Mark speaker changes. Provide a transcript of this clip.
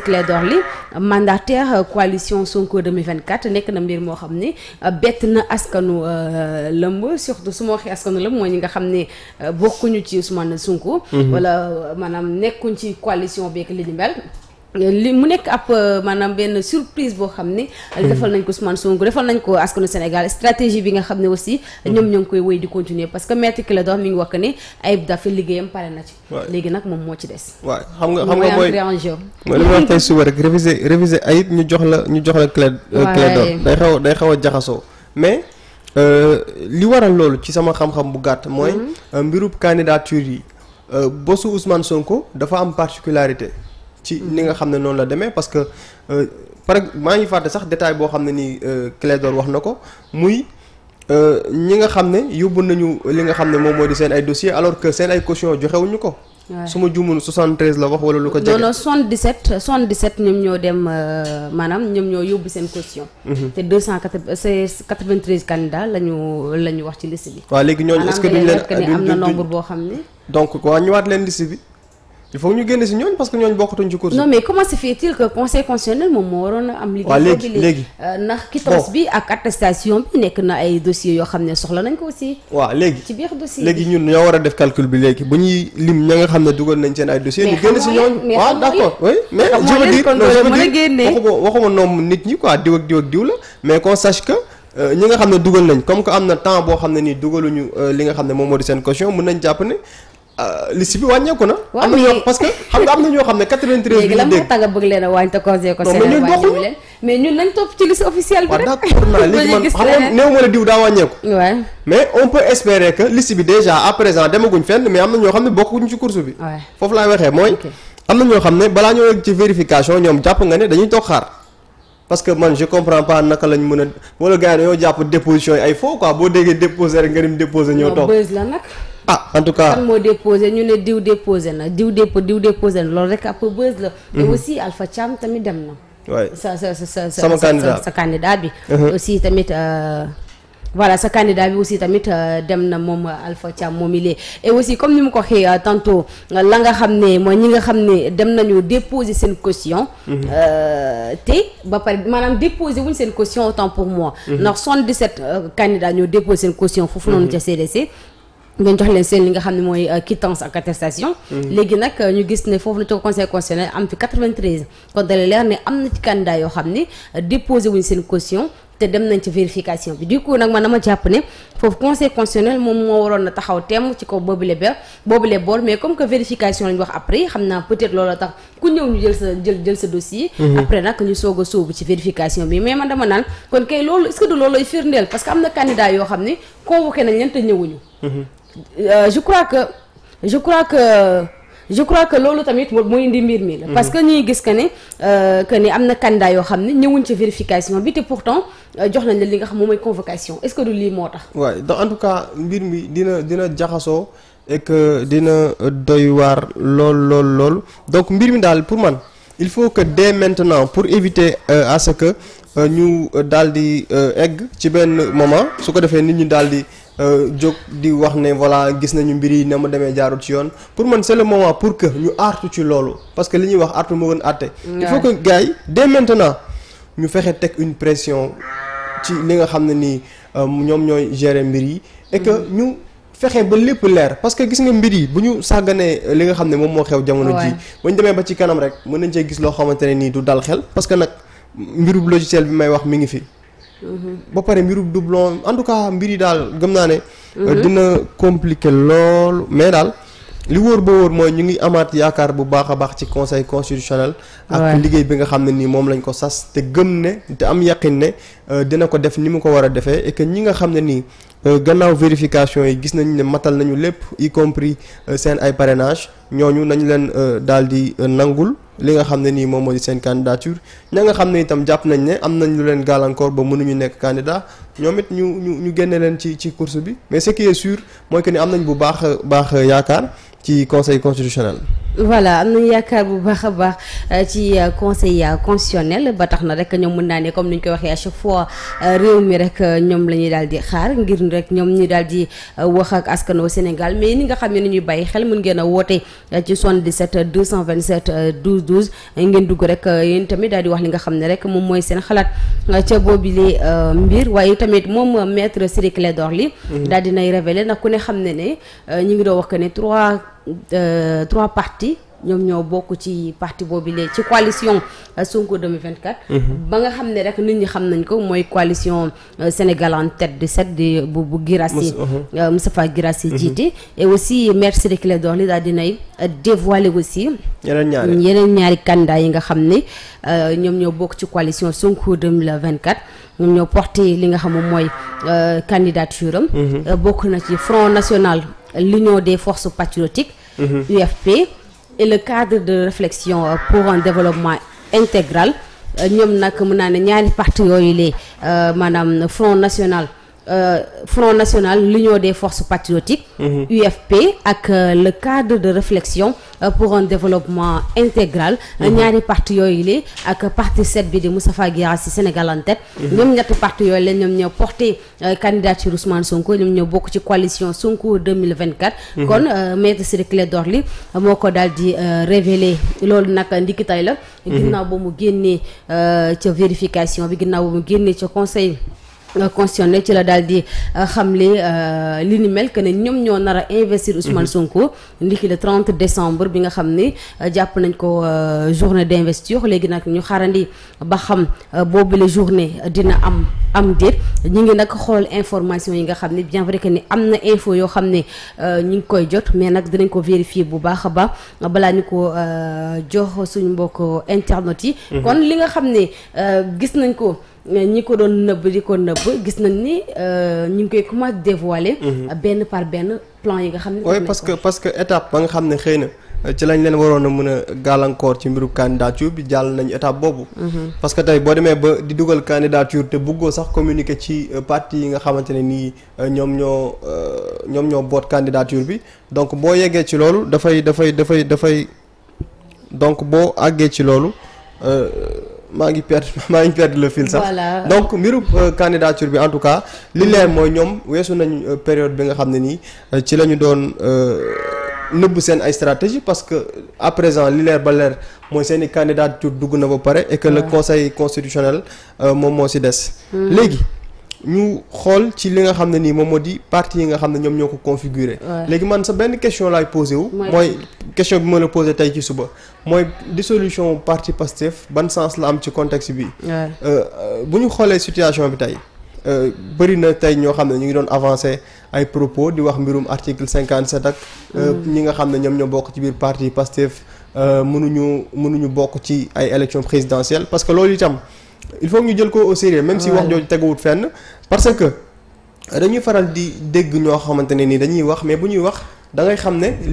Speaker 1: Clédor Ly mandataire coalition Sonko 2024 nekk na mbir moo xam ne euh, bett na askanu euh, lëmb surtout suma ma waxee askanu lëmb mooy ñi nga xam ne euh, bokkuñu ci Ousmane Sonko. Mhm. wala maanaam nekkuñ ci coalition beeg li ñu mel. li mu nekk ab euh, maanaam benn surprise boo xam ne. Hmm. defal nañ ko Ousmane Sonko defal nañ ko askanu Sénégal stratégie bi nga xam ne aussi. Hmm. ñoom ñoo ngi koy wéy di continuer parce que maître Clédor mi ngi wax ni Ayib Daffé liggéeyam pare na ci. léegi nag moom moo ci des.
Speaker 2: waaw xam nga xam nga mooy mooy li ma wax tey suba ñu jox la ñu jox la Clédor. Euh, Clédor day xaw a day xaw a jaxasoo mais. Euh, li waral loolu ci sama xam bu gàtt. mooy hmm. mbirub candidature yi. bosu Ousmane Sonko dafa am particularité. ci ni nga xam ne noonu la deme parce que euh, par maa ngi fàdd sax détail boo xam ne nii euh, Clédor wax na ko muy euh, ñi nga xam ne yóbbu nañu li nga xam ne moom moo di seen ay dossier alors que seen ay caution joxewuñu ko. waaw su ma juumoon 73 la wax wala lu ko. jege non non
Speaker 1: 77 77 ñoom ñoo dem maanaam ñoom ñoo yóbbu seen caution. Mhm. te 293 candidats la ñu la ñu wax ci liste bi.
Speaker 2: waaw léegi ñooñu est-ce que duñ leen am boo xam ne. donc waa ñëwaat leen liste bi. il faut ñu génne si ñooñu parce que ñooñu bokkatuñ ci course non mais
Speaker 1: comment se fait-il que conseil constitutionnel moom moo waroon a am liggéey léegi léegi euh, ndax quittance bi ak attestation bi nekk na ay dossiers yoo xam ne soxla nañ ko aussi waaw léegi ci biir dossier léegi
Speaker 2: ñun ñoo war a def calcul bi léegi bu ñuy lim ña nga xam ne dugal nañ seen ay dossiers ñu génne si ñooñu waaw ah, d'accord oui mais je veux dire non je waxuma noom nit ñi quoi diw ak diw ak diw la mais qu'on sache que euh, ñi nga xam ne dugal nañ comme que am na temps boo xam ne nii dugaluñu euh, li nga xam ne moom moo di seen caution mën nañ jàpp ne Euh, liste bi wàññeeku na. am na ñoo xam ne 93. léegi lan moo
Speaker 1: tax nga mais ñun nañ topp ci liste officielle bi rek.
Speaker 2: waaw bi déjà à présent demaguñ fenn mais am na ñoo xam ne bokkuñ ci course bi. waaw foofu laay waxee mooy. am na ñoo xam ne balaa ñoo yegg ci vérification ñoom jàpp nga ne dañuy toog xaar. parce man je comprends pas naka lañ mën a wala gars yi jàpp déposition yi ay faux quoi boo déggee déposé nga dem déposé ñëw toog ah en tout cas kan
Speaker 1: moo déposé ñu ne diw déposé na diw dépo diw déposé na loolu rek ab buzz la. te mhm. aussi Alpha Thiam tamit dem na. waay sa sa sa sama candidat sa candidat bi. Mhm. aussi tamit. Euh, voilà sa candidat bi aussi tamit euh, dem na moom Alpha Thiam moom ilee et aussi comme ni mu ko waxee euh, tantôt la nga xam ne mooy ñi nga xam ne dem nañu déposer seen caution mhm. te ba pare maanaam déposer wuñ seen caution autant pour moi ndax 77 candidats ñoo déposer seen caution foofu noonu ca CDC ngeen jox leen seen li nga xam ne mooy euh, quittance ak attestation mm-hmm. léegi nag euh, ñu gis ne foofu na ci ko conseil constitutionnel am fi 93 kon dale leer ne am na ci candidat yoo xam ne euh, déposé wuñ seen caution te dem nañ ci vérification bi du coup nag na ma jàpp ne foofu conseil constitutionnel moom moo waroon na taxaw temm ci kaw boobule ba boobule boor mais comme que vérification lañ wax après xam naa peut-être loolu tax ku ñëw ñu jël sa jël sa dossier. Mm-hmm. après nag ñu soog a sóobu ci vérification bi mais man dama naan kon kay loolu est que du loolu lay firndeel yoo xam ne convoqué nañ leen te ñëwuñu. Mm-hmm. Euh, je crois que je crois que je crois que loolu tamit mooy indi mbir mi la mhm. parce que ñuy gis que ne euh, que ni am na candidat yoo xam ne ñëwuñ ci vérification bi te pourtant euh, jox nañ la li nga xam moom mooy convocation est-ce que du lii moo tax
Speaker 2: waaw donc en mbir mi dina dina jaxasoo et dina doy waar lool lool lool donc mbir mi daal pour man il faut que dès maintenant pour éviter à ce que Euh, ñu euh, daal di euh, egg ci benn moment su ko defee nit ñi daal di jóg di wax ne voilà gis nañu mbir yi ne ma demee jaarul ci yoon pour man c'est le moment pour que ñu artu ci loolu parce que li ñuy wax artu moo gën àtte. il faut que gars yi dès maintenant ñu fexe teg une pression ci li nga xam ne nii ñoom ñooy gérer mbir yi. et que mm-hmm. ñu fexe ba lépp leer parce que gis nga mbir yi bu ñu sàgganee li nga xam ne moom moo xew. jamono ji ba ñu demee ba ci kanam rek mën nañ cee gis loo xamante ne nii du dal xel parce que nag. mbirub logiciel bi may wax mi ngi fi. Mhm. ba pare mbirub doublon en tout cas mbir yi daal gëm naa ne. Mhm. Euh, dina compliqué loolu mais daal. li wóor ba wóor mooy ñu ngi amaat yaakaar bu baax a baax ci conseil constitutionnel. ak liggéey bi nga xam ne nii moom lañ ko sas te gëm ne te am yaqin ne euh, dina ko def ni mu ko war a defee et ñi nga xam ne nii Euh, gannaaw vérification yi gis nañu ne matal nañu lépp y compris euh, seen ay parrainage ñooñu nañu leen euh, daal di nangul li nga xam ne nii moom moo di seen candidature ña nga xam ne itam jàpp nañ ne am nañ lu leen gàllankoor ba mënuñu nekk candidat ñoom it ñu ñu ñu génne leen ci ci course bi mais ce qui mooy que ni am nañ bu baax baax yaakaar ci conseil constitutionnel
Speaker 1: voilà am nañu yaakaar bu baax a baax euh, ci euh, conseil euh, constitutionnel ba tax na rek ñoom mën naa ne comme ni ñu koy waxee à chaque fois réew mi rek ñoom la ñuy daal di xaar ngir rek ñoom ñu daal di wax ak askanu Sénégal mais ni nga xam ne ni ñuy bàyyi xel mën ngeen a woote ci 77 227 12 12 ngeen dugg rek yéen daal di wax li nga xam ne rek moom mooy seen xalaat ca boobile mbir waaye tamit moom maître Ciré Clédor Ly mhm. daal di nay ku xam ne ne ñu ngi doo wax que ne 3. euh, trois partis ñoom ñoo bokk ci parti boobu lee ci coalition euh, Sonko 2024. Mhm. ba nga xam ne rek nit ñi xam nañ ko mooy coalition euh, Sénégal en tête de set di bu bu Guirassy uh-huh. euh, Moustapha Guirassy mhm. jiite et aussi maître Ciré Clédor Ly daal dinay dévoiler aussi
Speaker 2: yeneen
Speaker 1: ñaari candidat yi nga xam ne ñoom ñoo bokk ci coalition Sonko 2024 ñoom ñoo porté li nga xam mooy candidature am mhm. bokk na ci Front National l'Union de forces patriotiques UFP et le cadre de réflexion euh, pour un développement intégral euh, ñoom nag mën naa ne ñaari parti yooyu lee euh, maanaam Front nationale Euh, Front National lu des forces force mmh. UFP ak euh, le cadre de réflexion euh, pour un développement intégral mhm. ñaari parti yooyu li ak parti set bi di Moustapha Guirassy Sénégal en mhm. ñoom ñetti parti yooyu la ñoom ñoo porté euh, candidature Ousmane Sonko ñoom ñoo bokk ci coalition Sonko 2024 mhm. kon euh, maître Ciré Clédor Ly moo ko daal di révélé loolu nag ndiki tay la ginnaaw ba mu génnee ca vérification bi ginnaaw ba mu génnee ca conseil constitutionnel ci la daal di euh, xamle euh, li ni mel que ne ñoom ñoo nar a investir Ousmane mhm. Sonko ndiki le 30 décembre bi nga xam ne euh, jàpp nañ ko journée d'investiture léegi nag ñu xarandi ba xam boobu la journée dina am am déet ñu ngi nag xool information yi nga xam ne bien vrai que ni am na info yoo xam ne ñu ngi koy jot mais nag dinañ ko vérifier bu baax a baax balaa ñu ko jox suñu mbokk internet yi mhm. kon li nga xam ne gis nañ ko ñi ko doon nëbb di ko nëbb gis nañ ni euh, ñu ngi koy commencé dévoiler. Mhm. Euh, benn par benn plan yi nga xam ne. parce
Speaker 2: que parce que étape ba nga xam ne xëy na. Euh, ci lañ leen waroon a mën a gàllankoor ci mbiru candidature bi jàll nañu étape boobu. Mhm. parce que tey boo demee ba di dugal candidature te bëggoo sax communiquer ci parti yi nga xamante ne nii ñoom ñoo ñoom ñoo boot candidature bi donc boo yeggee ci loolu dafay dafay dafay dafay donc boo àggee ci loolu. maa ngi perdre maa ngi perdre le fil sax. voilà donc mbiru euh, candidature bi en tout cas. li leer mooy ñoom weesu nañ euh, période bi nga xam ne nii euh, ci la ñu doon nëbb seen ay stratégie parce que à présent li leer ba leer mooy seen i candidature dugg na ba pare. et que le conseil constitutionnel moom moo si des. Hmm. léegi. ñu xool ci li nga xam ne nii moom moo di parti yi nga xam ne ñoom ñoo ko configuré. léegi man sa benn question laay posé wu. mooy question bi ma la posé tey ci suba. mooy dissolution parti Pastef ban sens la am ci contexte bi. Euh, euh, bu ñu xoolee situation bi tey. Euh, bëri na tey ñoo xam ne ñu ngi doon avancé ay propos di wax mbirum article cinquante sept ak. Mm. ñi nga xam ne ñoom ñoo bokk ci biir parti Pastef mënuñu mënuñu bokk ci ay élections présidentielles parce que loolu itam. il faut ñu jël ko au sérieux même si wax jooju teguwut fenn parce que dañuy faral di dégg ñoo xamante ne ni dañuy wax mais bu ñuy wax da ngay xam ne